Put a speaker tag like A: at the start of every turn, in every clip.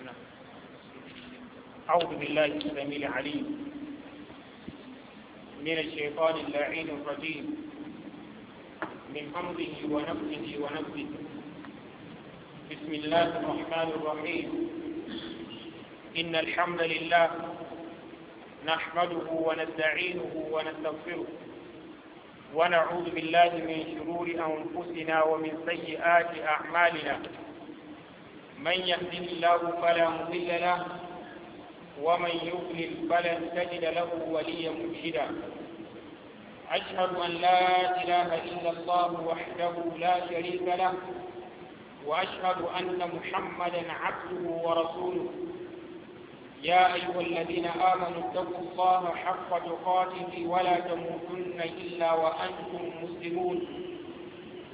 A: الجنة أعوذ بالله السميع العليم من الشيطان اللعين الرجيم من حمده ونفسه ونفسه
B: بسم الله الرحمن
A: الرحيم إن الحمد لله نحمده ونستعينه ونستغفره ونعوذ بالله من شرور أنفسنا ومن سيئات أعمالنا من يهده الله فلا مضل له ومن يضلل فلن تجد له وليا مرشدا أشهد أن لا إله إلا الله وحده لا شريك له وأشهد أن محمدا عبده ورسوله يا أيها الذين آمنوا اتقوا الله حق تقاته ولا تموتن إلا وأنتم مسلمون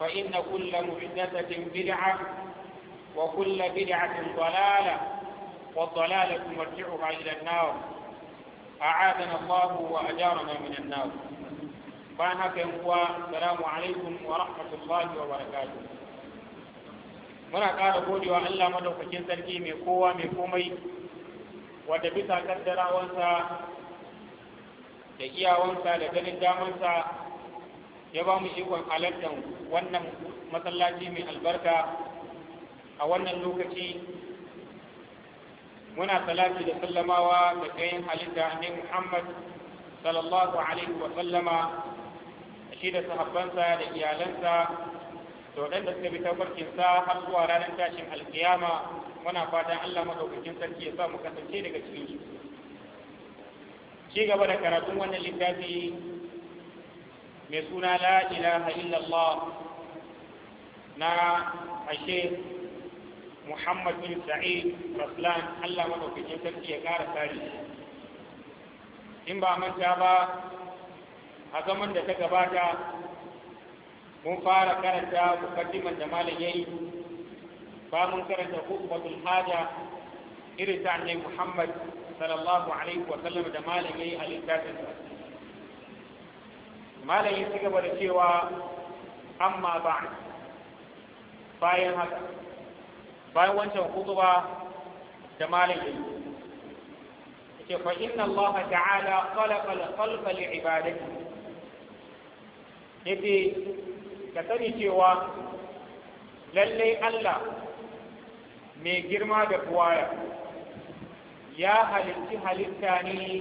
A: فإن كل محدثة بدعة وكل بدعة ضلالة والضلالة مرجعها إلى النار أعاذنا الله وأجارنا من النار فأنا هو السلام عليكم ورحمة الله وبركاته muna قال godewa Allah madaukakin sarki mai kowa mai komai wadda bisa kaddarawansa da iyawansa da ganin damansa ya ba mu ikon halartar wannan masallaci mai albarka a wannan lokaci muna salati da sallamawa da kayan halitta ne muhammad sallallahu alaihi wa sallama shi da sahabbansa da iyalansa da waɗanda suka bi tabarkinsa har zuwa ranar tashin alkiyama muna fatan allah maɗaukakin sarki ya sa mu kasance daga cikin su ci gaba da karatun wannan littafi mai suna la ilaha illallah na ashe muhammad bin sa'id raslan allah madaukakin sarki ya kara kare in ba manta ba a zaman da ta gabata mun fara karanta mukaddiman da malam ba mun karanta khutbatul haja irin ta annabi muhammad sallallahu alaihi wa sallam da malam a littafin sa malam ya ci gaba da cewa amma ba bayan haka bayan wancan hutuba da malam ya ce fa inna Allah ta'ala khalaqa al-qalba li ibadati yace ka sani cewa lallai Allah mai girma da buwaya ya halitti halitta ne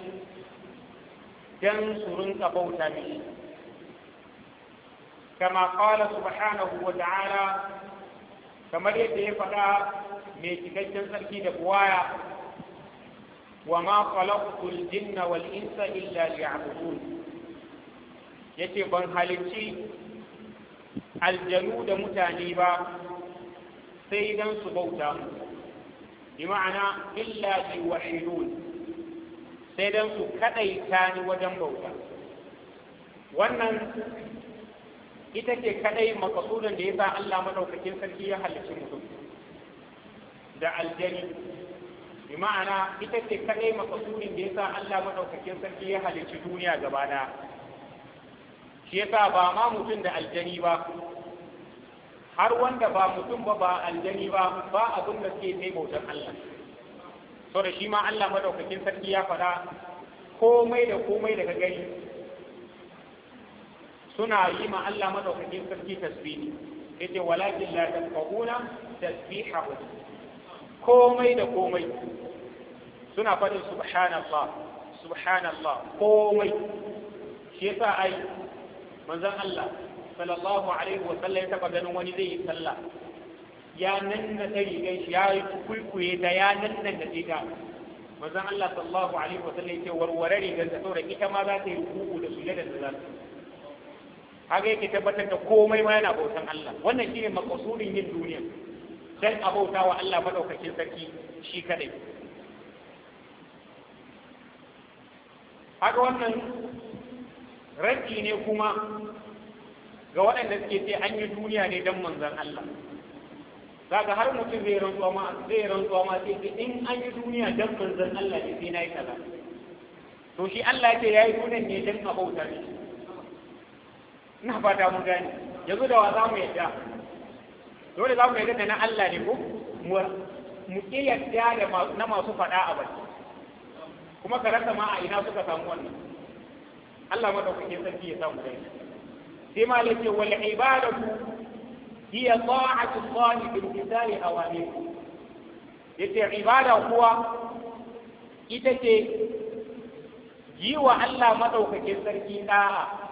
A: don su rinka bauta ne. kama qala subhanahu wa ta'ala kamar yadda ya faɗa mai cikakken sarki da buwaya wa ma khalaqtul jinna wal insa illa liya'budun yace ban halicci aljanu da mutane ba sai dan su bauta mu ma'ana illa liwahidun sai dan su kadaita ni wajen bauta wannan ita ce kadai makasudan da ya sa Allah madaukakin sarki ya halicci mutum da aljani bi ma'ana ita ce kadai makasudin da ya sa Allah madaukakin sarki ya halicci duniya gaba da shi yasa ba ma mutum da aljani ba har wanda ba mutum ba ba aljani ba ba abin da suke sai bautar Allah so da shi ma Allah madaukakin sarki ya faɗa komai da komai daga gani suna yi ma Allah madaukakin sarki tasbihi yace walakin la tafquna tasbihahu komai da komai suna faɗin subhanallah subhanallah komai shi yasa ai manzon Allah sallallahu alaihi wa sallam ya taba ganin wani zai yi sallah ya nan da ta rigar shi ya yi kulkuye da ya nan da ta ta manzon Allah sallallahu alaihi wa sallam ya ce warware rigar da saboda ita ma za ta yi kuku da sujada da za ta haka yake tabbatar da komai ma yana bautan Allah wannan shine makasudin yin duniya dan a bauta wa Allah madaukakin sarki shi kadai haka wannan raddi ne kuma ga waɗanda suke ce an yi duniya ne dan manzon Allah ka har mutum zai rantsuwa ma zai rantsuwa ma sai ce in an yi duniya dan manzon Allah ne sai nayi kaza to shi Allah ya ce yayi duniya ne dan a shi ina fata mun gani yanzu da wa za mu yadda dole za mu yadda da na Allah ne ko mu kiyarta da na masu faɗa a baki kuma ka rasa ma a ina suka samu wannan Allah ma madaukakin sarki ya samu dai sai ma lace wal ibadatu hiya ta'atu Allah bil qitali awamir yace ibada kuwa ita ce yi wa Allah madaukakin sarki da'a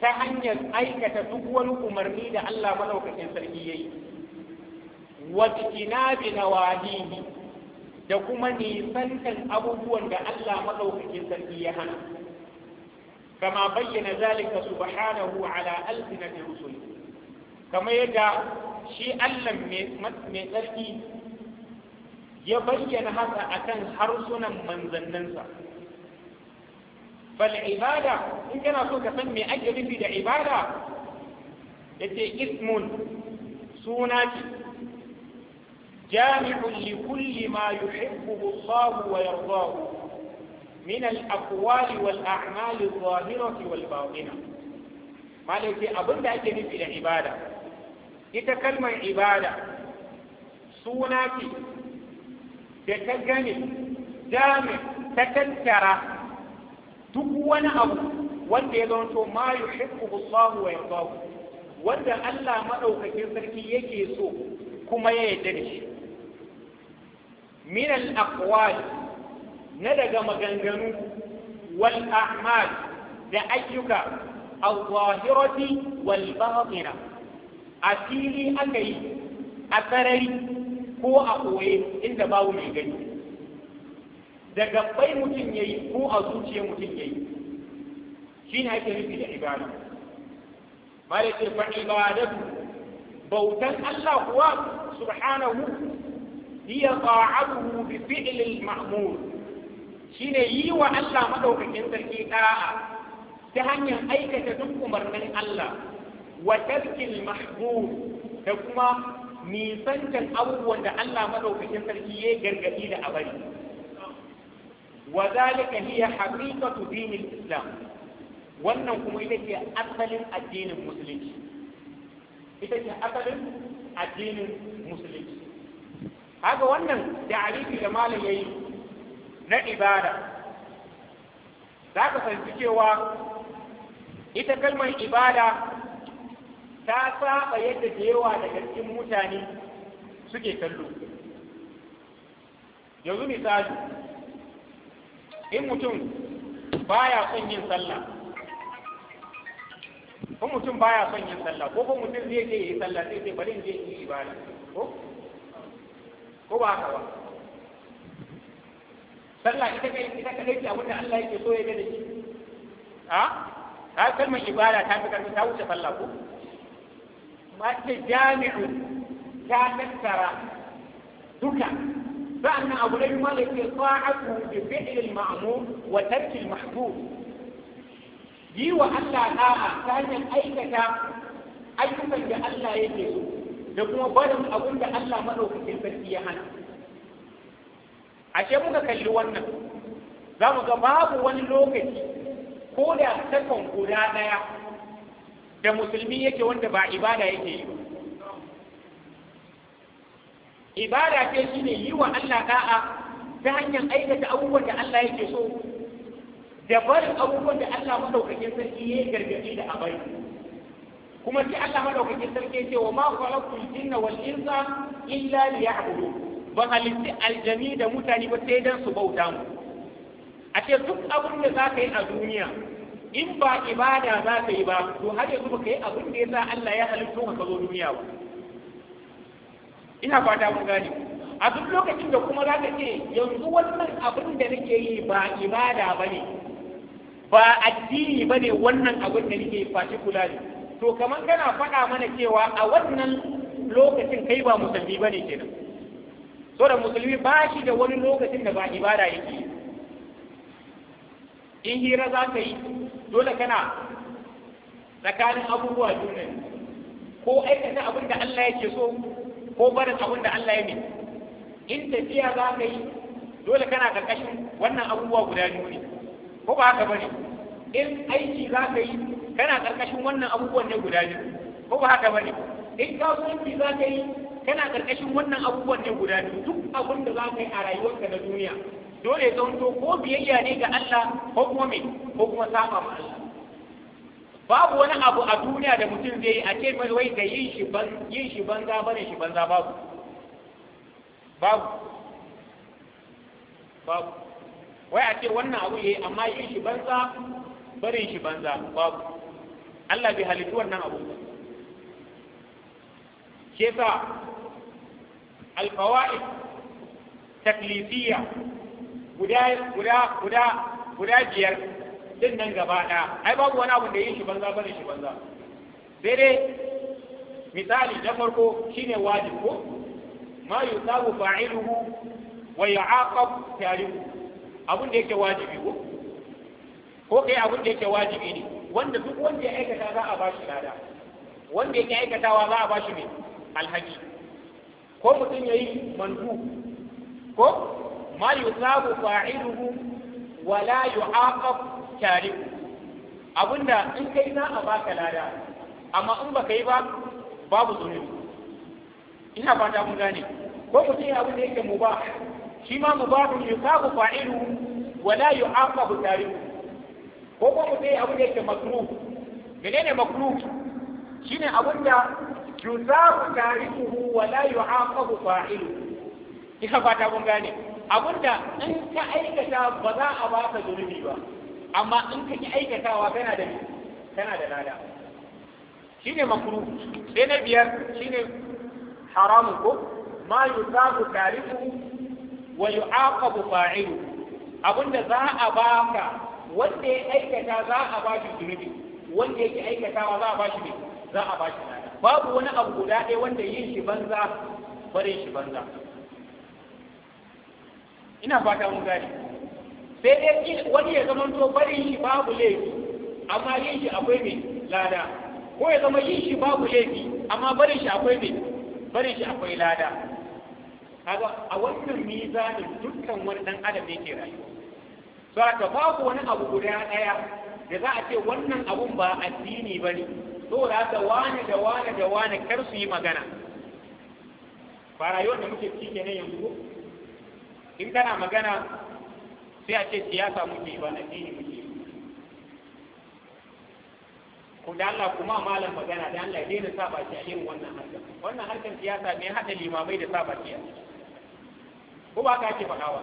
A: ta hanyar aikata duk wani umarni da Allah maɗaukakin sarki ya yi wajikinabi na da kuma nisantan abubuwan da Allah maɗaukakin sarki ya hana kama bayyana zalika subhanahu ala alsinati rusul kama yadda shi Allah mai tsarki ya bayyana haka akan harsunan manzanninsa فالعبادة ibada in kana so ka san me ake nufi da جامع لكل ما يحبه الله ويرضاه من الأقوال والأعمال الظاهرة والباطنة ما لك أبن ذلك في العبادة يتكلم عبادة سوناتي تتجمل جامع تتنكره duk wani abu wanda ya zanto ma yuhibbu Allah wa yardahu wanda Allah maɗaukakin sarki yake so kuma ya yarda da shi min al na daga maganganu wal a'mal da ayyuka al-zahirati wal batina a fili aka yi a sarari ko a koye inda babu mai gani da gabbai mutum ya yi ko a zuciyar mutum ya yi shi ne ake nufi da ibada ba da ibadatu bautan Allah kuwa subhanahu hiya ta'atuhu bi fi'l al-ma'mur shine yi wa Allah madaukakin sarki da'a ta hanyar aikata duk umarnin Allah wa tarkil mahbub da kuma nisantan abubuwan da Allah madaukakin sarki ya gargadi da abari wa zalika hiya haqiqatu dinil islam wannan kuma ita ce asalin addinin musulunci ita ce asalin addinin musulunci haka wannan ta'arifi da malam yayi na ibada za ka fahimci cewa ita kalmar ibada ta saba yadda da yawa daga cikin mutane suke kallo yanzu misali in mutum baya son yin sallah ko mutum baya son yin sallah ko ko mutum zai je yi sallah sai sai bari je yi ibada ko ko ba haka ba sallah ita kai ita kai ce abin da Allah yake so ya ga da shi a ka kalmar ibada ta fi karfi ta wuce sallah ko ma ita jami'u ta tattara duka sa'annan abu na biyu malam yake sa'atu bi fi'l al wa tark al yi wa Allah da'a ta hanyar aikata ayyukan da Allah yake so da kuma barin abin Allah madaukakin sarki ya hana ashe kalli wannan za mu ga babu wani lokaci ko da sakon guda ɗaya da musulmi yake wanda ba ibada yake yi ba ibada ce shi ne yi wa Allah da'a ta hanyar aikata abubuwan da Allah yake so da barin abubuwan da Allah madaukakin sarki ya gargaɗi da abai kuma sai Allah madaukakin sarki ya ce wa ma khalaqtul jinna wal insa illa liya'budu Ba halitti aljami da mutane ba sai dan su bauta mu a ce duk abin da za ka yi a duniya in ba ibada za ka yi ba to har yanzu ba ka yi abin da ya sa Allah ya halittu ka zo duniya ba ina fata mun gane a duk lokacin da kuma za ka ce yanzu wannan abin da nake yi ba ibada ba ne ba addini ba ne wannan abin da nake yi ne to kamar kana faɗa mana cewa a wannan lokacin kai ba musulmi ba ne kenan so da musulmi ba shi da wani lokacin da ba ibada yake yi in hira za ka yi dole kana tsakanin abubuwa juna ko aikata abin da Allah yake so ko barin abin da Allah ya ne in tafiya za ka yi dole kana karkashin wannan abubuwa guda biyu ne ko ba haka bane in aiki za ka yi kana karkashin wannan abubuwan ne guda biyu ko ba haka bane in kasuwanci za ka yi kana karkashin wannan abubuwan ne guda biyu duk abin da za ka yi a rayuwarka na duniya dole ya zanto ko biyayya ne ga Allah ko kuma me ko kuma saba ma Allah babu wani abu a duniya da mutum zai yi a ce mai wai da yin shi ban yin shi banza bane shi banza babu babu babu wai a ce wannan abu yayi amma yin shi banza barin shi banza babu Allah bai halittu wannan abu ke sa alfawa'id taklifiyya guda guda guda guda biyar din nan gaba ɗaya ai babu wani abu da yin shi banza bane shi banza sai dai misali na farko shine wajib ko ma yusabu fa'iluhu wa yu'aqab tarihu abun da yake wajibi ko ko kai abun da yake wajibi ne wanda duk wanda ya aikata za a bashi lada wanda yake aikatawa za a bashi ne alhaki ko mutum yayi mandu ko ma yusabu fa'iluhu wa la yu'aqab tare abinda in kai za a baka lada amma in baka yi ba babu zunubi ina fata mun gane ko ku ya abin da yake mubah shi ma ka ku fa'ilu wa la yu'aqabu tariku ko ko ku ya abin da yake makruh menene makruh shine abin da yusabu tarikuhu wa la yu'aqabu fa'ilu ina fata mun gane abinda da in ka aikata ba za a baka zunubi ba amma in ka ki aikatawa kana da kana da lada shine makuru sai na biyar shine haramun ko ma yusabu tarifu wa yu'aqabu fa'ilu abinda za a baka wanda ya aikata za a ba shi zunubi wanda yake aikatawa za a ba shi za a ba shi lada babu wani abu guda ɗaya wanda yin shi banza bare shi banza ina fata mun gani sai dai wani ya zama to barin shi babu laifi amma yin shi akwai mai lada ko ya zama yin shi babu laifi amma barin shi akwai mai bari shi akwai lada kaga a wannan mizanin dukkan wani dan adam ne ke rayuwa Saka aka babu wani abu guda daya da za a ce wannan abun ba addini bane to da ta wani da wani da wani kar su yi magana ba rayuwar da muke cike ne yanzu in kana magana sai a ce siyasa muke ba na dini muke ku da Allah kuma malam magana da Allah daina sa baki a irin wannan harkar wannan harkar siyasa ne hada limamai da sa baki a ko ba ka ce faɗawa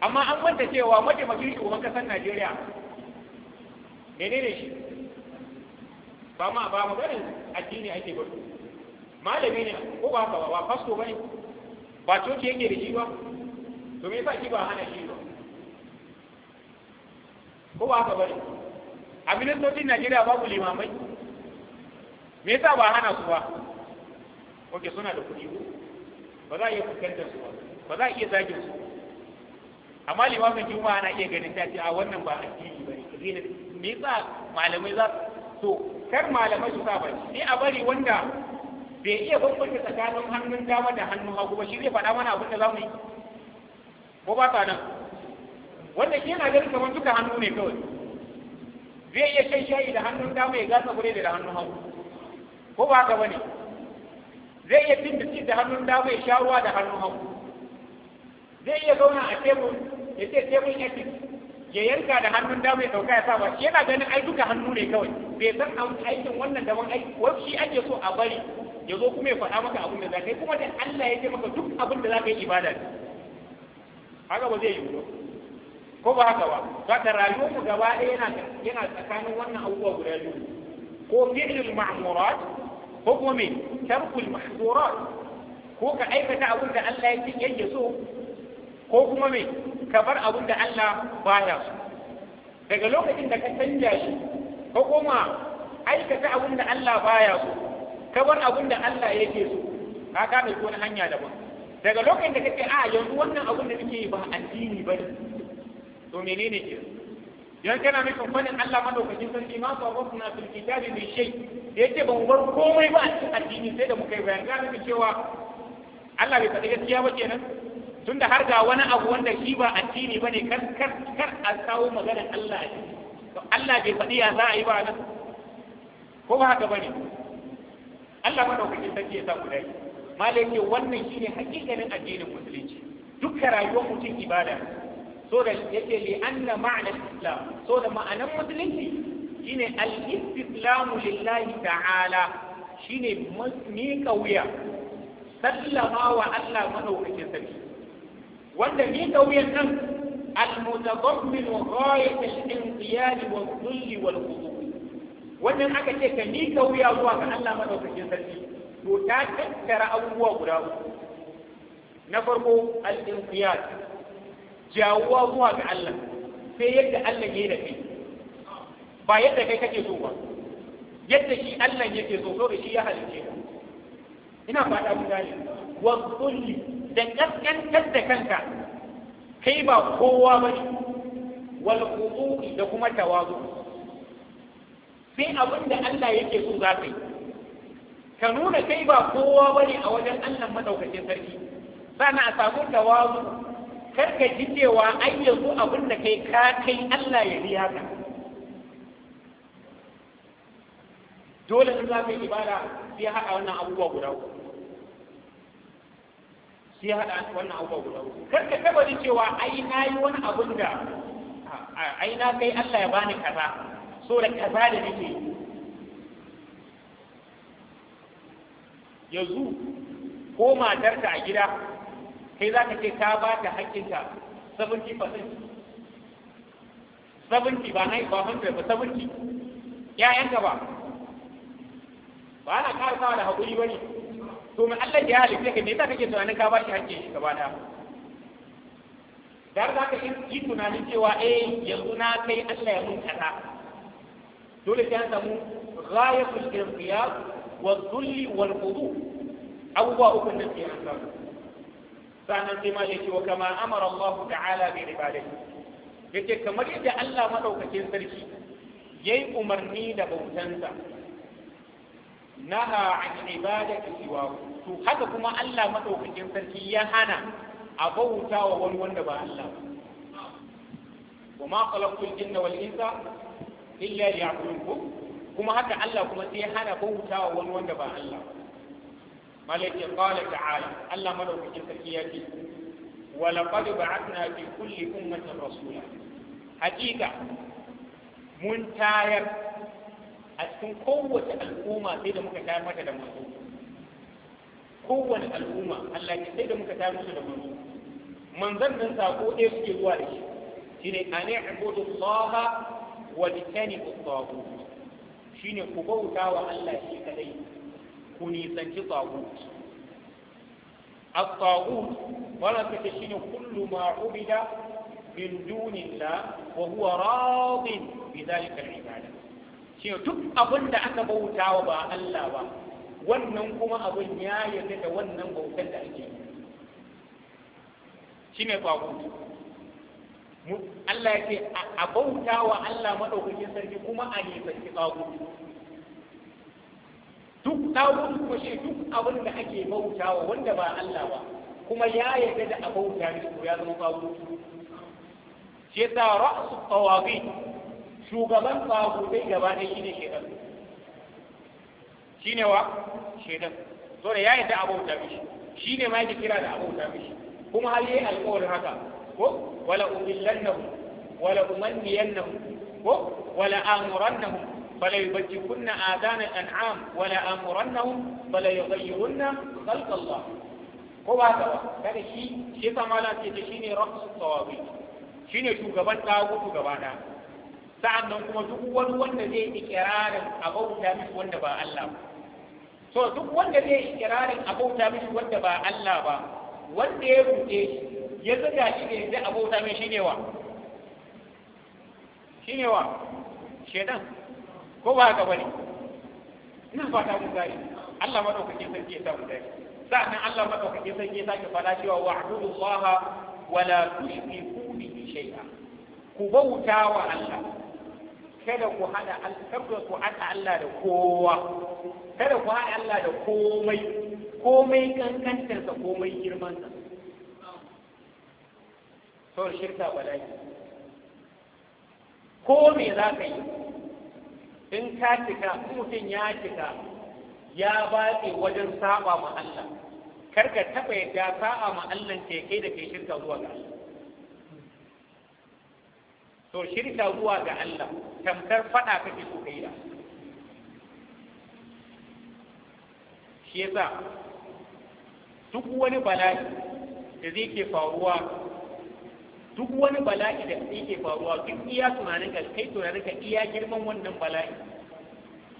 A: amma an manta cewa mataimakin shugaban kasar Najeriya menene shi ba ma ba maganin addini ake ba malami ne ko ba ka ba fasto bane ba coci yake da shi ba to me yasa shi ba hana shi ba ko ba haka bane a ministocin Najeriya babu limamai me yasa ba hana su ba oke suna da kuɗi ba za a iya fuskantar su ba ba za a iya zagin su amma limamin juma'a ana iya ganin ta ce a wannan ba addini ba ne me yasa malamai za to kar malamai su sa bari. Ni a bari wanda bai iya bambanta tsakanin hannun dama da hannun hagu ba shi zai faɗa mana abin da za mu yi ko ba ta nan wanda shi yana ganin kamar duka hannu ne kawai zai iya shan shayi da hannun dama ya gasa gure da hannun hagu ko ba haka bane zai iya cin biskit da hannun dama ya sha ruwa da hannun hagu zai iya zauna a tebur ya ce tebur ya ce ya yanka da hannun dama ya sauka ya saba shi yana ganin ai duka hannu ne kawai bai san aikin wannan daban aiki Wani shi ake so a bari ya zo kuma ya faɗa maka abin da za ka yi kuma da Allah ya ce maka duk abin da za ka yi ibada ne haka ba zai yi ba ko ba haka ba ba ta rayuwar mu gaba ɗaya yana yana tsakanin wannan abubuwa guda biyu ko fi'lul ma'murat ko kuma me tarkul mahzurat ko ka aikata abin da Allah ya yake so ko kuma me ka bar abin da Allah baya so daga lokacin da ka canja shi ko kuma aikata abin da Allah baya so ka bar abin da Allah yake so ka kame wani hanya daban daga lokacin da kake a yanzu wannan abin da nake yi ba addini ba ne to menene ke dan kana nufin fadin Allah madaukakin sarki ma su abu suna fil kitabi mai shai da yake ban bar komai ba a cikin addini sai da muka yi bayan ga nufin cewa Allah bai faɗi gaskiya ba kenan tunda har ga wani abu wanda shi ba addini bane kar kar kar a kawo maganar Allah a to Allah bai faɗi ya za a yi ba nan ko ba haka bane Allah madaukakin sarki ya sa ku dai malai wannan shine hakikanin addinin musulunci dukkan rayuwar mutum ibada so da yake li anna ma'anar islam so da ma'anar musulunci shine al-istislamu lillahi ta'ala shine mi kauya sallama wa Allah madaukakin sarki wanda mi kauyan nan al-mutadammin ghayat al-inqiyad wa dhull wal khudu wannan aka ce ka mi kauya zuwa ga Allah madaukakin sarki to ta tattara abubuwa guda uku na farko al-inqiyad jawuwa zuwa ga Allah sai yadda Allah ya da kai ba yadda kai kake so ba yadda shi Allah yake so so da shi ya halice ka ina fata mun gane wa kulli da kaskantar da kanka kai ba kowa ba shi, wal qudu da kuma tawazu sai abin da Allah yake so za kai, ka nuna kai ba kowa ba ne a wajen Allah madaukakin sarki sannan a samu tawazu kar ka ji cewa ai yanzu abin da kai ka kai Allah ya biya ka dole in za ka yi ibada sai haɗa wannan abubuwa guda uku sai haɗa wannan abubuwa guda uku kar ka taba ji cewa ai na yi wani abin da ai na kai Allah ya bani kaza so da kaza da nake yanzu ko matarka a gida kai za ka ce ka ba ta haƙƙinta 70 percent sabunci ba nai ba 100 ba sabunci Ya ka ba ba ana ƙara sawa da haƙuri ba ne to mai Allah ya halitta ka me yasa kake tunanin ka ba shi haƙƙin shi gaba ɗaya da za ka yi tunanin cewa eh yanzu na kai Allah ya mun kaza dole sai an samu ghayatul irtiyab wa dhulli wal khudu abubuwa uku da ke an samu sannan sai ma yake wa kama amara Allah ta'ala bi ibadati yake kamar yadda Allah madaukakin sarki yayi umarni da bautansa naha an ibadati siwa to haka kuma Allah madaukakin sarki ya hana a bauta wa wani wanda ba Allah wa ma khalaqtul jinna wal insa illa liya'budun kuma haka Allah kuma sai ya hana bauta wa wani wanda ba Allah ba malaka qala ta'ala Allah madaukakin sarki ya ce wa laqad ba'athna fi kulli ummatin rasula haƙiƙa mun tayar a cikin kowace al'umma sai da muka tayar mata da manzo kowace al'umma Allah ya sai da muka tayar musu da manzo manzon nan sako ɗaya suke zuwa da shi shine an i'budu Allah wa tanibu at-taghut shine ku bauta wa Allah shi kadai ku nisanci tsagut at-tagut wannan take shine kullu ma ubida min dunillah wa huwa radin bi dhalika al-ibada shine duk abinda da aka bautawa ba Allah ba wannan kuma abin ya yarda da wannan bautar da ake yi shine tsagut
B: Allah ya ce a
A: bauta wa Allah maɗaukakin sarki kuma a nisanci tsagutu duk ɗawun ko shi duk abin da ake bautawa wanda ba Allah ba kuma ya yarda da abauta ne ko ya zama babu shi yasa ra'su tawagi shugaban babu dai gaba ne shine shedan shine wa shedan so da ya yarda abauta mishi shine ma yake kira da abauta mishi kuma har yayi alƙawarin haka ko wala umillannahum wala umanniyannahum ko wala amurannahum فلا يبجكن آذان الأنعام ولا أمرنهم فلا يغيرن خلق الله ko ba ta ba kada shi shi sama ce ta shine rasul tawabi shine shugaban tawagu gaba da sa'an nan kuma duk wani wanda zai ikirarin abauta mishi wanda ba Allah ba so duk wanda zai ikirarin abauta mishi wanda ba Allah ba wanda ya rute shi ya zuga shi ne zai abauta mishi shine wa shine wa shedan ko ba ka bane ina fata mun gari. Allah madaukakin sarki ya sa mu dace sa'annan Allah madaukakin sarki ya sake fada cewa wa'budu wa wala tushriku bihi shay'a ku bauta wa Allah kada ku hada kada ku hada Allah da kowa kada ku hada Allah da komai komai kankantar sa komai girman sa sau shirka bala'i ko me za ka yi in ka cika mutum ya cika ya batse wajen saba ma Allah kar ka taɓa yadda sa'a ma Allah ke kai da kai shirka zuwa ga Allah to shirka zuwa ga Allah tamkar faɗa kake so kai da shi yasa duk wani bala'i da zai ke faruwa duk wani bala'i da yake faruwa duk iya tunanin ka kai tunanin ka iya girman wannan bala'i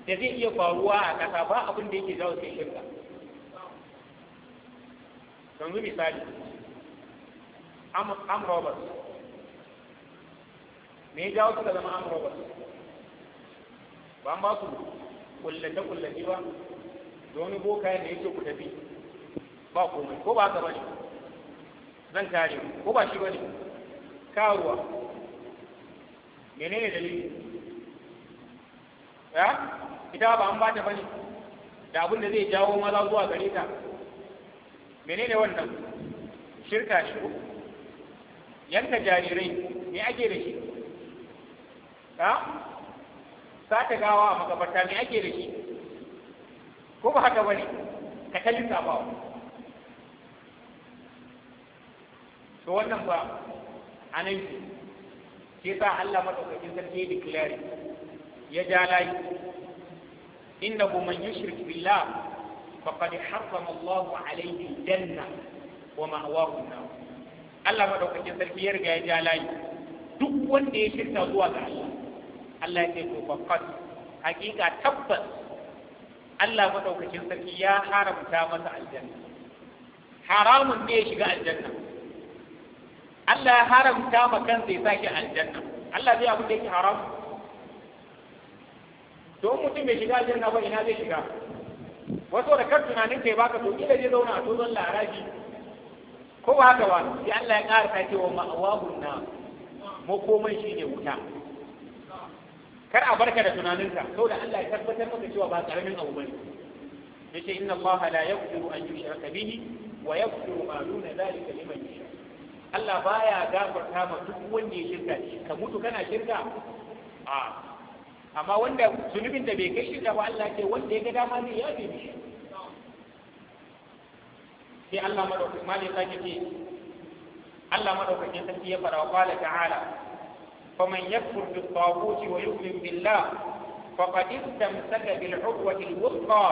A: da zai iya faruwa a kasa ba abin da yake jawo sai shirka yanzu misali am robert me ya jawo suka zama am robert ba ba su kullace kullace ba da wani boka ne yake ku tafi ba komai ko ba ka bane zan kare ko ba shi bane kawowa menene dalili ya ita ba an bata bane da abin da zai jawo maza zuwa gare ta menene wannan shirka shi yanka jarirai me ake da shi ha sata gawa a makabarta me ake da shi ko ba haka bane ka ta lissafawa to wannan ba aminci Ke sa Allah madaukakin sarki ya declare ya ja layi Inda innahu man yushrik billah faqad harrama Allah alayhi janna wa ma'wahu an-nar Allah madaukakin sarki ya riga ya ja layi duk wanda ya shirka zuwa ga Allah Allah ya ce to faqad hakika tabbas Allah madaukakin sarki ya haramta masa aljanna haramun ne ya shiga aljanna Allah ya haramta ma kansa ya sake aljanna Allah zai abin da yake haram to mutum bai shiga aljanna ba ina zai shiga wato da kar tunanin kai baka to kila zai zauna a tozon larabi ko ba haka ba sai Allah ya ƙara sake wa ma'awahun na makoman shi ne wuta kar a barka da tunaninka saboda Allah ya tabbatar maka cewa ba karamin abu bane yace inna Allah la yaghfiru an yushraka bihi wa yaghfiru ma duna dhalika liman yasha Allah baya gafarta ma duk wanda ya shirka shi ka mutu kana shirka a amma wanda zunubin da bai kai shirka ba Allah ce wanda ya ga dama zai yafe mishi sai Allah madaukakin mali sake ce Allah madaukakin sarki ya fara qala ta'ala faman yakfur bi tawuti wa yu'min billah faqad istamsaka bil urwati al wuthqa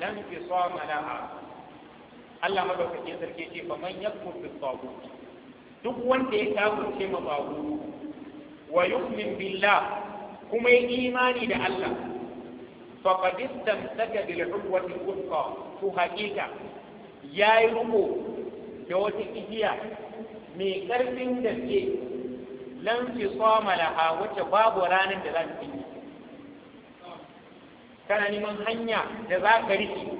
A: lam yusama laha Allah madaukakin sarki ya ce faman yakfur bi tawuti duk wanda ya kafirce ma babu wa yu'min billah kuma ya imani da Allah faqad istamsaka bil urwati al to hakika yayi ruko da wata igiya mai karfin ke lan fi sama laha wacce babu ranar da za ta yi kana neman hanya da za ka rike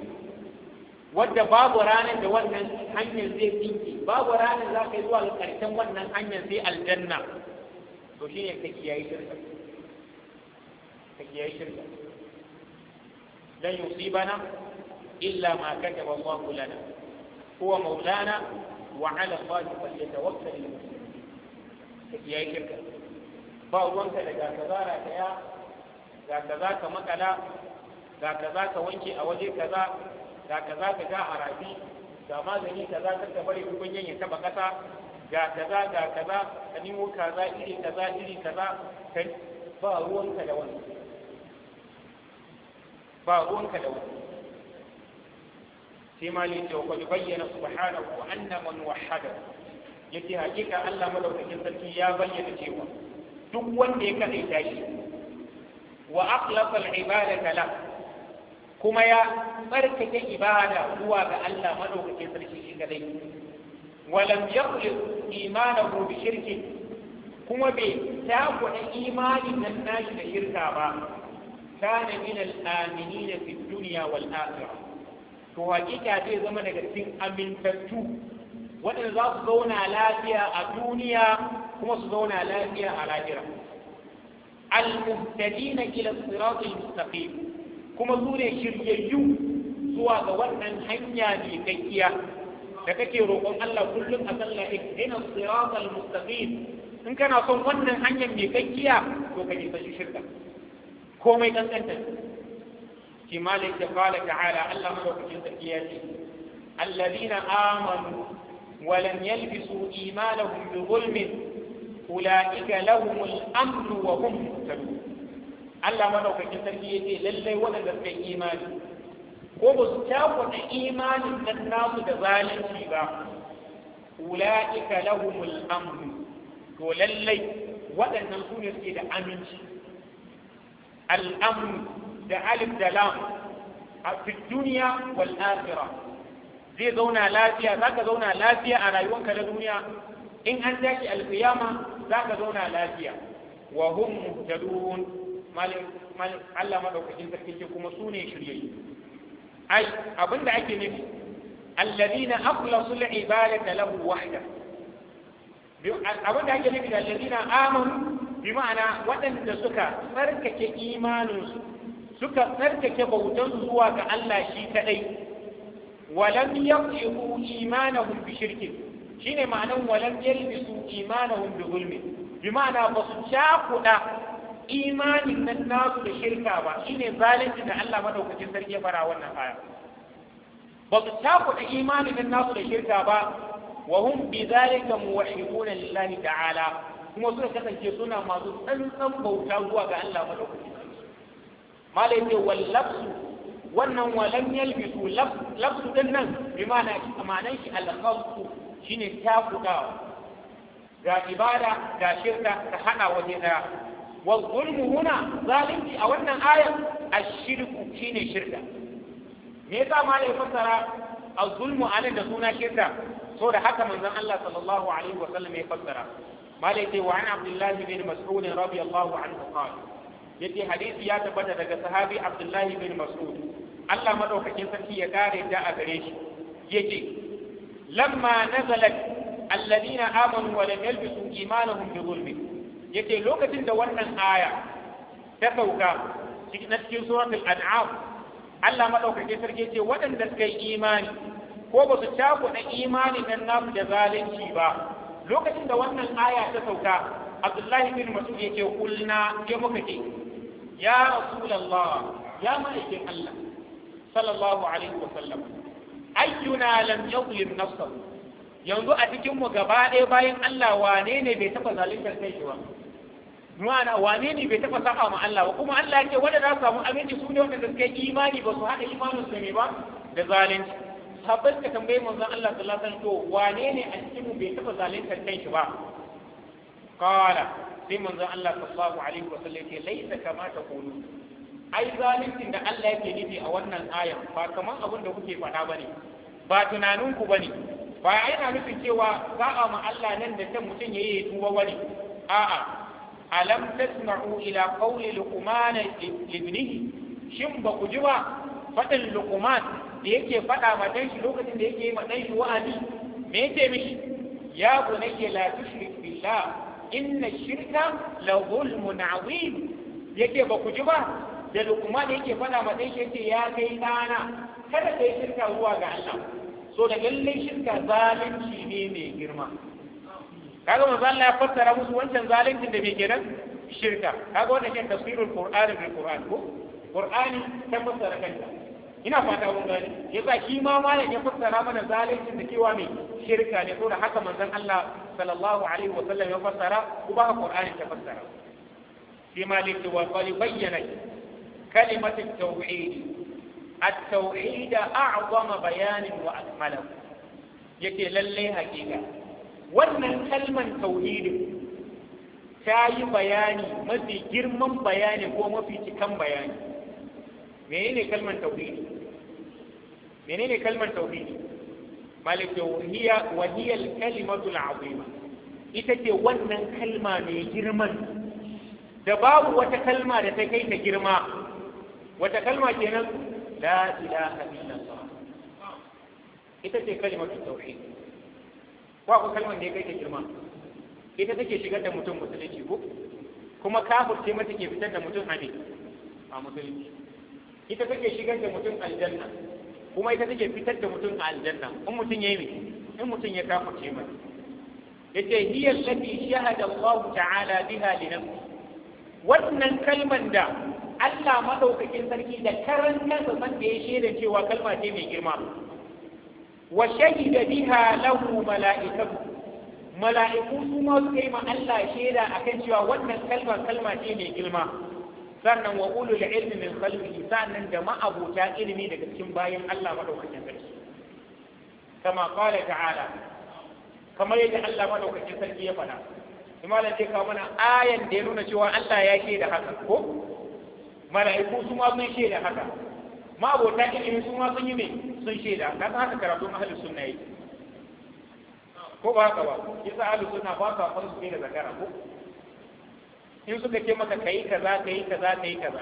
A: wadda babu ranar da wannan hanyar zai tsinke babu ranar za ka yi zuwa ga ƙarshen wannan hanyar zai aljanna to shi ne ka kiyaye shirka ka kiyaye shirka lan yusibana illa ma kataba Allahu lana huwa maulana wa ala Allahi falyatawakkal al-muslimun ka kiyaye shirka ba ruwanka da ga kazara ta ya ga kaza ka makala ga kaza ka wanke a waje kaza ga kaza ka ga harafi, ga magani kaza kar ka bari tukunyan ya taba kasa ga kaza ga kaza ka nemo kaza iri kaza iri kaza ka ba ruwanka da wani ba ruwanka da wani sai ma ne ce wa bayyana subhanahu wa anna man wahada yake hakika Allah madaukakin sarki ya bayyana cewa duk wanda ya kada shi wa aqlaqa al-ibadata lahu kuma ya tsarkake ibada zuwa ga Allah madaukakin sarki shi kadai walam yaqli imanahu bi shirki kuma bai takuda imani nan nashi da shirka ba kana min al-aminin fi dunya wal akhirah to hakika zai zama daga cikin amintattu waɗanda za su zauna lafiya a duniya kuma su zauna lafiya a lahira al-muhtadina ila siratil mustaqim kuma su ne shiryayyu zuwa ga wannan hanya ne kakkiya da kake roƙon Allah kullum a sallah ihdina siratal mustaqim in kana son wannan hanyar mai kakkiya to ka nisa shirka komai kankanta shi malik da qala ta'ala Allah madaukakin sarki ya ce alladhina amanu wa lam yalbisu imanahum bi zulmin ulaika lahumul amnu wa hum muhtadun Allah madaukakin sarki ya ce lallai waɗanda suka yi imani ko ba su cakuɗa imanin nan nasu da zalunci ba ula'ika lahumul amru to lallai waɗannan su ne suke da aminci al'amru da alif da lam a fi duniya wal akhirah zai zauna lafiya zaka zauna lafiya a rayuwanka na duniya in an tashi alƙiyama zaka zauna lafiya wa hum muhtadun Allah maɗaukakin sarki ce kuma su ne shirye. ai abinda ake nufi alladina akhlasu al-ibadata lahu wahda abinda ake nufi da alladina amanu bi ma'ana waɗanda suka tsarkake imaninsu suka tsarkake bautan zuwa ga Allah shi kadai walam yaqihu imanahum bi shirkin shine ma'anan walam yalbisu imanahum bi zulmi bi ma'ana basu cakuda imanin nan nasu da shirka ba shine zalunci da Allah madaukakin sarki ya fara wannan aya ba su da imanin nan nasu da shirka ba wa hum bi zalika muwahhiduna lillahi ta'ala kuma suka kasance suna masu tsantsan bauta zuwa ga Allah madaukakin sarki malai ce wallafsu wannan walam yalbisu lafsu din nan bi ma'ana amanan shi al-khalqu shine takuɗawa ga ibada ga shirka ta hada waje daya والظلم هنا ظالم في أولنا آية الشرك شين شركة ميتا ما يفسر الظلم أنا دسونا شركة سورة حتى من ذن الله صلى الله عليه وسلم يفسر ما ليتي وعن عبد الله بن مسعود رضي الله عنه قال يتي حديث يا تبدا daga sahabi Abdullahi bin Mas'ud Allah madaukakin sarki ya kare da a gare shi yace lamma nazalat alladhina amanu wa lam yalbisu imanahum bi dhulmin yace lokacin da wannan aya ta sauka na cikin suratul an'am Allah madaukake sarki yace waɗanda suka yi imani ko ba su cakuɗa imanin nan nasu da zalunci ba lokacin da wannan aya ta sauka Abdullahi bin Mas'ud yake kulna ke muka ce ya rasulullah ya ma'aikin Allah sallallahu alaihi wa sallam ayyuna lam yuzlim nafsahu yanzu a cikin mu gaba ɗaya bayan Allah wane ne bai taɓa zaluntar kai shi ba ma'ana wane ne bai taɓa saba ma Allah ba kuma Allah yake wanda za su samu aminci su ne wanda suka yi imani ba su haɗa imanin su ne ba da zalunci sabbin ka tambaye manzon Allah sallallahu alaihi wasallam to wane ne a cikin mu bai taɓa zaluntar shi ba qala sai manzon Allah sallallahu alaihi wasallam yake laisa kama ta qulu ai zaluncin da Allah yake nufi a wannan ayan ba kaman abin da kuke faɗa bane ba tunaninku bane ba yana nufin cewa za'a ma Allah nan da can mutum yayi tuba bane a'a alam tasma'u ila qawli luqman libnihi shin ba ku ji ba fadin luqman da yake fada ma dan shi lokacin da yake ma dan shi wa'azi me yake mishi ya bunayya la tushrik billah inna shirka la zulmun azim yake ba ku ji ba da luqman yake fada ma dan shi yake ya kai dana kada kai shirka zuwa ga Allah so da lallai shirka zalunci ne mai girma kaga manzo Allah ya fassara musu wancan zalincin da bai kenan shirka kaga wannan kin tafsirul qur'ani bil qur'an ko qur'ani ta fassara kanta ina fata mun gani yasa shi ma malam ya fassara mana zalincin da kewa mai shirka ne da haka manzon Allah sallallahu alaihi wa sallam ya fassara kuma qur'ani ta fassara shi malik wa qali bayyana كلمة التوحيد التوحيد أعظم بيان وأكمله يكي للي حقيقة wannan kalman tauhidin ta yi bayani mafi girman bayani ko mafi cikan bayani menene kalman tauhidi menene kalman tauhidi malik tauhiya wa hiya al kalimatu al azima ita ce wannan kalma mai girman da babu wata kalma da ta kai ta girma wata kalma kenan la ilaha illallah ita ce kalimatu tauhidi ko akwai kalmar da ya kai ta girma ita take shigar da mutum musulunci ko kuma ce mata ke fitar da mutum a a musulunci ita take shigar da mutum aljanna kuma ita take fitar da mutum a aljanna in mutum ya yi in mutum ya ce mata ce hiyar shafi shahada Allah ta'ala biha li nafsi wannan kalman da Allah madaukakin sarki da karan kansa da ya shaida cewa kalma ce mai girma wa shahida biha lahu mala'ikatu mala'iku su ma suka yi ma Allah shaida akan cewa wannan kalma kalma ce mai girma sannan wa ulul ilmi sannan da ma'abuta ilimi daga cikin bayan Allah madaukakin sarki kama qala ta'ala kamar yadda Allah madaukakin sarki ya faɗa imalan dai ayan da ya nuna cewa Allah ya shaida haka ko mala'iku su haka ma'abota ilimi sun yi sun shaida za ka haka karatun ahlus sunna yake ko ba haka ba yasa ahlus sunna ba sa fara su da zakara ko in suka ce maka kai kaza kai kaza kai kaza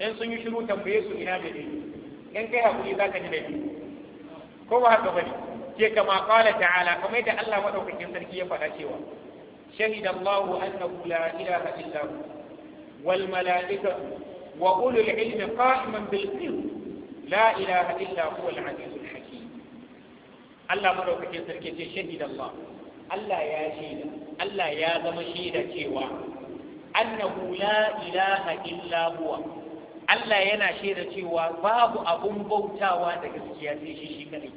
A: in sun yi shiru tambaye su ina da dai in kai hakuri za zaka ji dai ko ba haka bane ke kama qala ta'ala kamar yadda Allah madaukakin sarki ya faɗa cewa shahida Allahu annahu la ilaha illa hu wal mala'ikatu wa ulul ilmi qa'iman bil qist la ilaha illa huwa al-azizul Allah madaukakin sarki ce shahid Allah Allah ya Allah ya zama shaida cewa annahu la ilaha illa huwa Allah yana shaida cewa babu abun bautawa da gaskiya sai shi kadai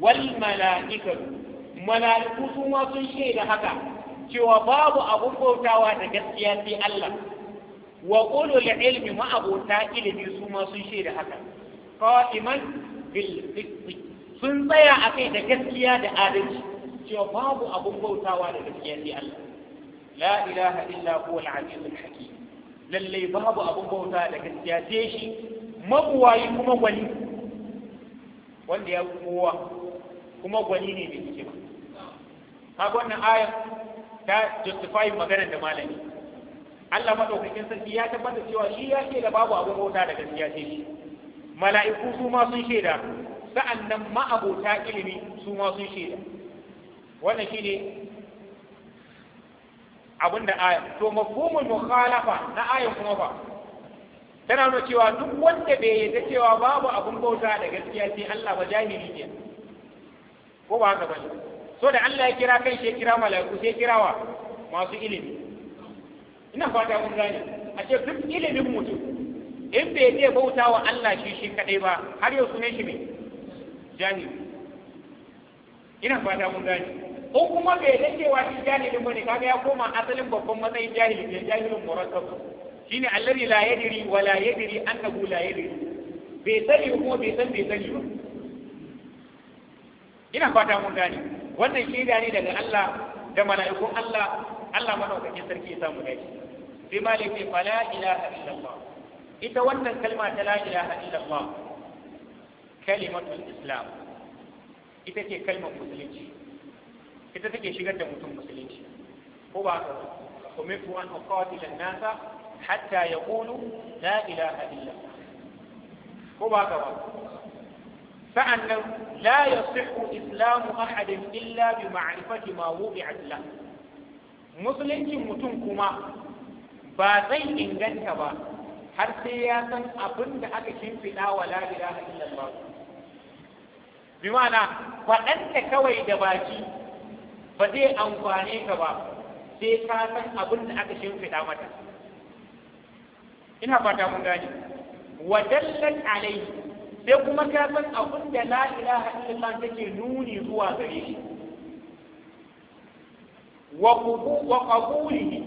A: wal mala'ikatu mala'iku sun sun shaida haka cewa babu abun bautawa da gaskiya sai Allah wa da ilmi ma'abota ilimi su ma sun shaida haka qa'iman bil qisti sun tsaya a kai da gaskiya da adalci cewa babu abun bautawa da gaskiya ne Allah la ilaha illa huwa al-aziz al-hakim lalle babu abun bauta da gaskiya sai shi mabuwayi kuma gwani wanda ya kowa kuma gwani ne mai hikima kaga wannan Aya ta justify maganar da malami Allah madaukakin sarki ya tabbata cewa shi ya da babu abin bauta da gaskiya ce shi mala'iku su ma sun shaida sa'annan ma'abota ilimi su ma sun shaida wannan shine abin da aya to mafhumul mukhalafa na ayan kuma fa tana nuna cewa duk wanda bai yarda cewa babu abin bauta da gaskiya sai Allah ba jahili ne ko ba haka bane so da Allah ya kira kan shi kira malaiku sai kirawa masu ilimi ina fata kun gane A ce duk ilimin mutum in bai iya bauta wa Allah shi shi kadai ba har yau sunan shi ne jahili ina fata mun gane ko kuma bai da cewa shi jahilin bane kaga ya koma asalin babban matsayin jahili ne jahilin murakkab shine allazi la yadri wa la yadri annahu la yadri bai sani kuma bai san bai sani ba ina fata mun gane wannan shaida ne daga Allah da mala'ikun Allah Allah madaukakin sarki ya samu dace bi malik ce fa la ilaha illallah ita wannan kalma ta la ilaha illallah kalimatul islam ita ce kalmar musulunci ita take shigar da mutum musulunci ko ba ka me kuwan uqatila an-nasa hatta yaqulu la ilaha illallah ko ba ka ba sa'annan la yasihu islamu ahadin illa bi ma'rifati ma wubi'at lahu musuluncin mutum kuma ba zai inganta ba har sai ya san abin da aka shimfiɗa wa a cikin illallah bi ma'ana faɗanta kawai da baki ba zai amfane ka ba sai ka san abin da aka shimfiɗa mata ina fata mun gani wa dallan alai sai kuma ka san abin da la ilaha illallah take nuni zuwa gare shi wa qabulihi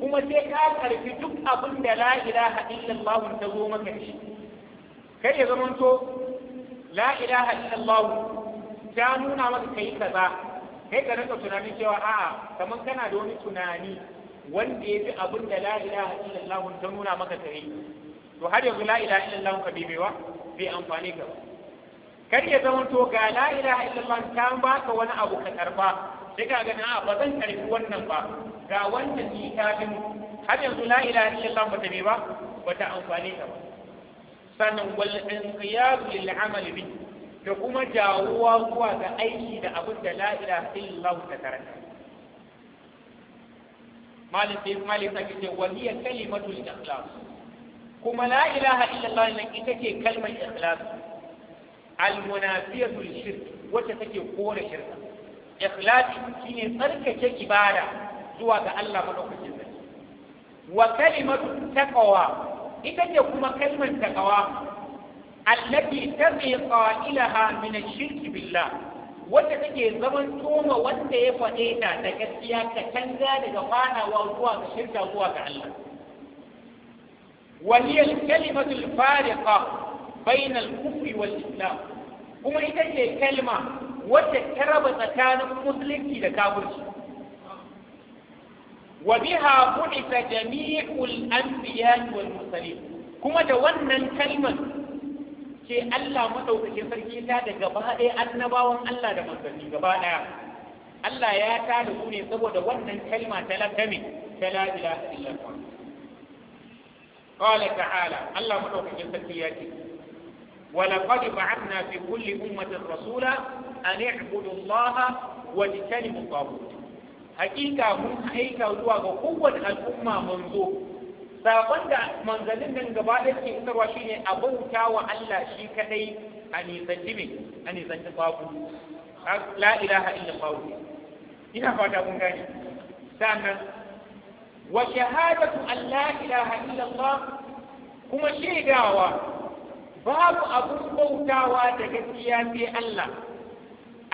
A: kuma sai ka karfi duk abin da la ilaha illallah ta zo maka shi kai ya zamanto la ilaha illallah ta nuna maka kai kaza kai ka rika tunanin cewa a'a kamar kana da wani tunani wanda ya fi abin da la ilaha illallah ta nuna maka kai to har yanzu la ilaha illallah ka bibewa bai amfani ka kar ya zamanto ga la ilaha illallah ta baka wani abu ka karba sai ka gani a ba zan karfi wannan ba ga wannan shi ta bin har yanzu la ilaha illallah ba ta bi ba ba ta amfane ta ba sannan wal inqiyad lil amali bi da kuma jawuwa zuwa ga aiki da abin da la ilaha illallah ta karanta malik sai malik sai ce wa hiya kalimatul ikhlas kuma la ilaha illallah nan ita ce kalmar ikhlas al munafiyatu lil shirk wacce take kore shirka ikhlasi shine tsarkake ibada zuwa ga Allah madaukakin sarki wa kalimatu taqwa ita ce kuma kalmar taqwa allati tabi qailaha min ash-shirk billah wanda take zaman toma wanda ya faɗe ta da gaskiya ka canza daga fana wa zuwa ga shirka zuwa ga Allah wa hiya al-kalimatu al-fariqa bayna al-kufri wal-islam kuma ita ce kalma wacce ta raba tsakanin musulunci da kafirci wa biha bu'ita jami'ul anbiya wal mursalin kuma da wannan kalmar ce Allah madaukakin sarki ta da gaba ɗaya annabawan Allah da manzanni gaba ɗaya Allah ya tada su ne saboda wannan kalma ta lakami ta la ilaha illallah qala ta'ala Allah madaukakin sarki ya ce ولقد بعثنا في كل أمة رسولا an i'budu Allah wa tajtanibu taghut hakika mun aika zuwa ga kowace al'umma manzo sabon da manzalin nan gaba da ke isarwa shine a bauta wa Allah shi kadai a nisan me a nisan babu la ilaha illa Allah ina fata kun gane sannan wa shahadatu an la ilaha illa Allah kuma shaidawa babu abun bautawa da gaskiya sai Allah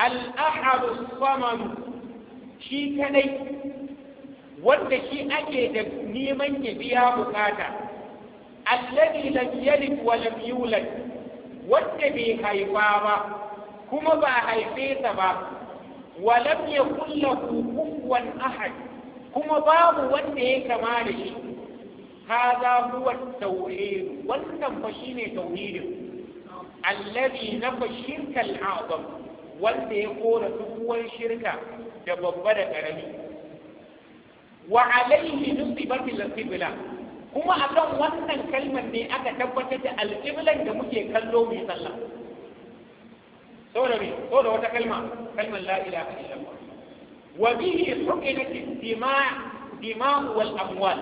A: al'ahadu saman shi kadai wanda shi ake da neman ya biya bukata alladhi lam yalid wa lam yulad wanda bai haifa ba kuma ba haife sa ba wa lam yakul lahu kufuwan ahad kuma babu wanda ya kama da shi هذا هو التوحيد والنفشين توحيد الذي نفى الشرك الأعظم wanda ya kora duk wani shirka da babba da ƙarami wa alaihi nusibatil qibla kuma akan wannan kalmar ne aka tabbatar da alƙiblan da muke kallo mai sallah saboda me saboda wata kalma kalmar la ilaha illallah wa bihi hukimat dima' dima'u wal amwal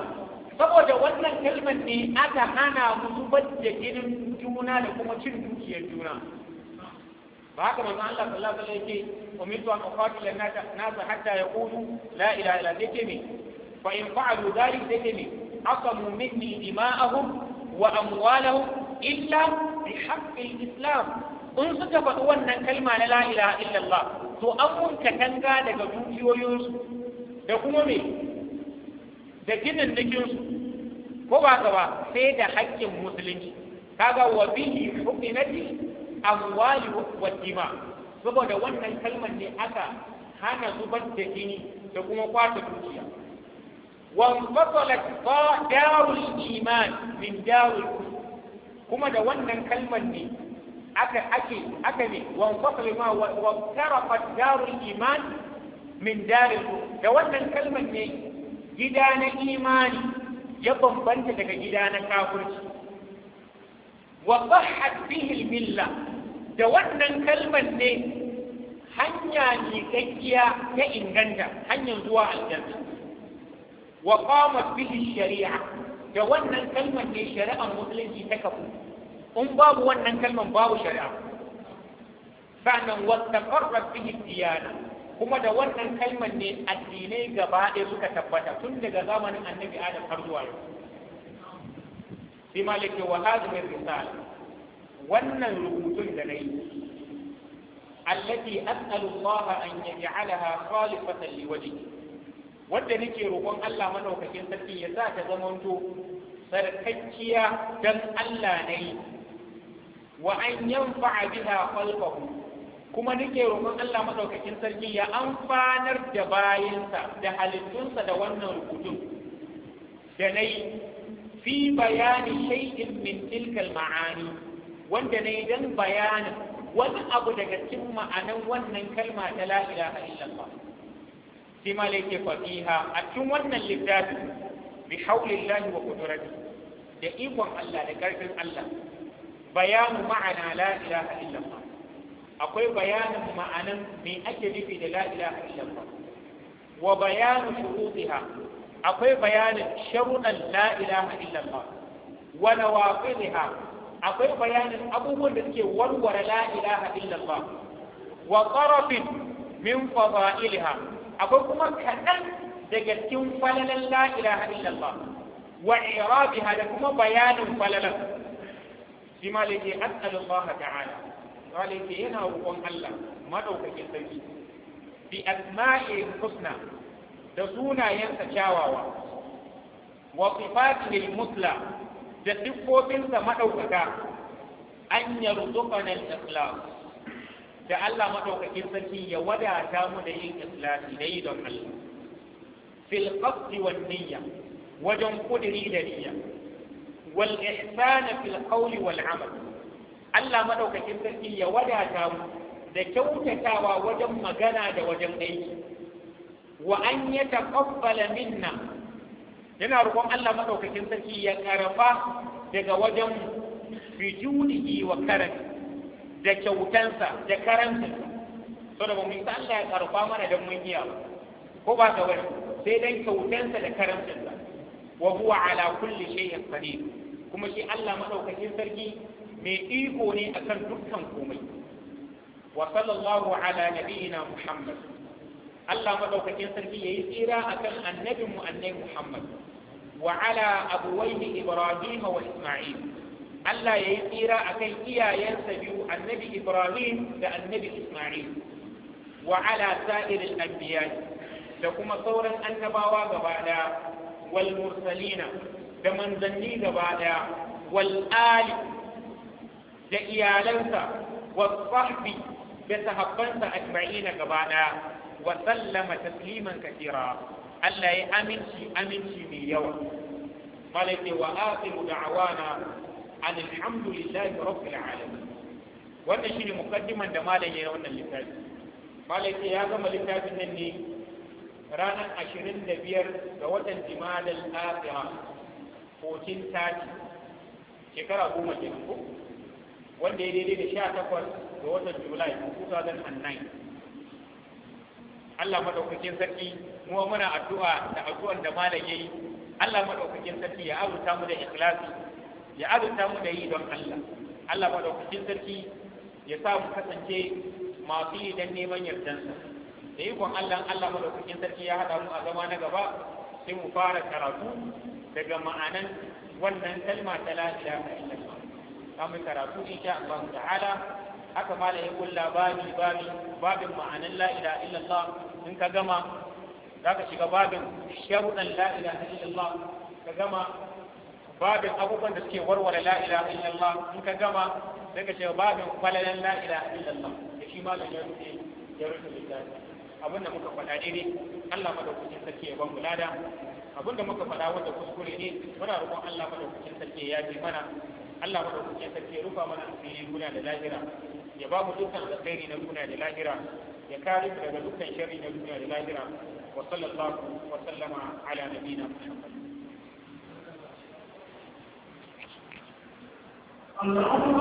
A: saboda wannan kalmar ne aka hana mu zubar da jinin juna da kuma cin dukiyar juna فهذا من أن الله صلى الله عليه وسلم أمرت أن أقاتل الناس حتى يقولوا لا إله إلا ذكمي فإن فعلوا ذلك ذكمي عصموا مني دماءهم وأموالهم إلا بحق الإسلام انصت ستفقوا أن كلمة لا إله إلا الله تؤمن كتنقى لقدوك ويوز لقومي لكن النجوز فبعثوا سيد حق المسلمين هذا وبه حكمتي amwali wa jima saboda wannan kalmar ne aka hana zubar da jini da kuma kwata dukiya وانفصلت دار الإيمان من دار الكفر Kuma da wannan kalman ne aka ake aka ne wanfasal ma wa tarafat dar al-iman min dar da wannan kalman ne gida na imani ya bambanta daga gida na kafirci wa sahhat bihi al-milla da wannan kalmar ne hanya ne gaggiya ta inganta hanyar zuwa aljanna wa qamat bihi shari'a da wannan kalmar ne shari'ar musulunci ta kafu in babu wannan kalmar babu shari'a sannan wastaqarrat bihi diyana kuma da wannan kalmar ne addinai gaba ɗaya suka tabbata tun daga zamanin annabi adam har zuwa yau sai malik wa hadhihi risala wannan rubutun da na yi allati as'alu Allah an yaj'alaha khalifatan liwajhi wanda nake roƙon Allah madaukakin sarki ya sa ta zamanto sarkakkiya dan Allah ne wa an yanfa'a biha khalqahu kuma nake roƙon Allah madaukakin sarki ya amfanar da bayinsa da halittunsa da wannan rubutun da nayi fi bayani shay'in min tilkal ma'ani wanda ne dan bayanin wani abu daga cikin ma'anan wannan kalma ta la ilaha illallah sai ma lake fafiha a cikin wannan littafi bi haulillahi wa qudrati da ikon Allah da karfin Allah bayanu ma'ana la ilaha illallah akwai bayanin ma'anan me ake nufi da la ilaha illallah wa bayanu shurutiha akwai bayanin sharuɗan la ilaha illallah wa nawaqidiha akwai bayanin abubuwan da suke warware la ilaha illallah wa qarafin min fadailha akwai kuma kaɗan daga cikin falalan la ilaha illallah wa irabiha da kuma bayanin falalan shi ma lake as'alullah ta'ala wale ke yana roƙon Allah madaukakin sarki bi asma'i husna da sunayensa kyawawa wa sifatihi musla da siffofinsa maɗaukaka an yarzuqana al-ikhlas da Allah maɗaukakin sarki ya wadata mu da yin ikhlasi da yi don Allah fil qasdi wan niyya wajen kudiri da niyya wal ihsana fil qawli wal amal Allah maɗaukakin sarki ya wadata mu da kyautatawa wajen magana da wajen aiki wa an yataqabbala minna yana roƙon Allah madaukakin sarki ya karfa daga wajen bijunihi wa karam da kyautansa da karanta So da mu yi Allah ya karfa mana dan mun iya ko ba ka wani sai dan kyautansa da karantinsa wa huwa ala kulli shay'in qadir kuma shi Allah madaukakin sarki mai iko ne akan dukkan komai wa sallallahu ala nabiyina muhammad Allah madaukakin sarki yayi tsira akan annabinmu annabi muhammad wa ala abuwaihi ibrahim wa isma'il Allah ya yi tsira a kai iyayensa biyu annabi ibrahim da annabi isma'il wa ala sa'irin da kuma sauran annabawa gaba daya mursalina da manzanni gaba daya da iyalansa wa sahbi da sahabbansa ajma'ina gaba wa sallama tasliman katira Allah ya aminci aminci mai yawa malaka wa akhiru da'wana alhamdulillahi rabbil alamin wannan shine mukaddiman da malam ya wannan littafi malam ya gama littafin nan ne ranar 25 ga watan jimadal akhira 1430 shekara goma kenan ko wanda ya daidai da 18 ga watan julai 2009 Allah madaukakin sarki mu muna addu'a da addu'an da malam yayi Allah madaukakin sarki ya azuta mu da ikhlasi ya azuta mu da yi don Allah Allah madaukakin sarki ya sa mu kasance masu yi dan neman yardansa da ikon Allah Allah madaukakin sarki ya haɗa mu a zama na gaba sai mu fara karatu daga ma'anan wannan kalma ta la ilaha illallah kamar karatu insha Allah ta'ala Aka fara ya kulla babi babi babin ma'anin la ilaha illallah in ka gama za ka shiga babin sharuɗan la ilaha illallah ka gama babin abubuwan da suke warware La'ida ilaha illallah in ka gama sai ka shiga babin falalen La'ida ilaha illallah da shi malam ya rufe ya rufe littafi abin da muka faɗa daidai Allah madaukakin sarki ya bamu lada abin da muka faɗa wanda kuskure ne muna roƙon Allah madaukakin sarki ya yafe mana Allah ya sarki ya rufa mana asiri duniya da lahira ya ba mu dukkan alkhairi na duniya da lahira ya kare mu daga dukkan sharri na duniya da lahira wa
B: sallallahu wa sallama ala nabiyyina Muhammad Allahumma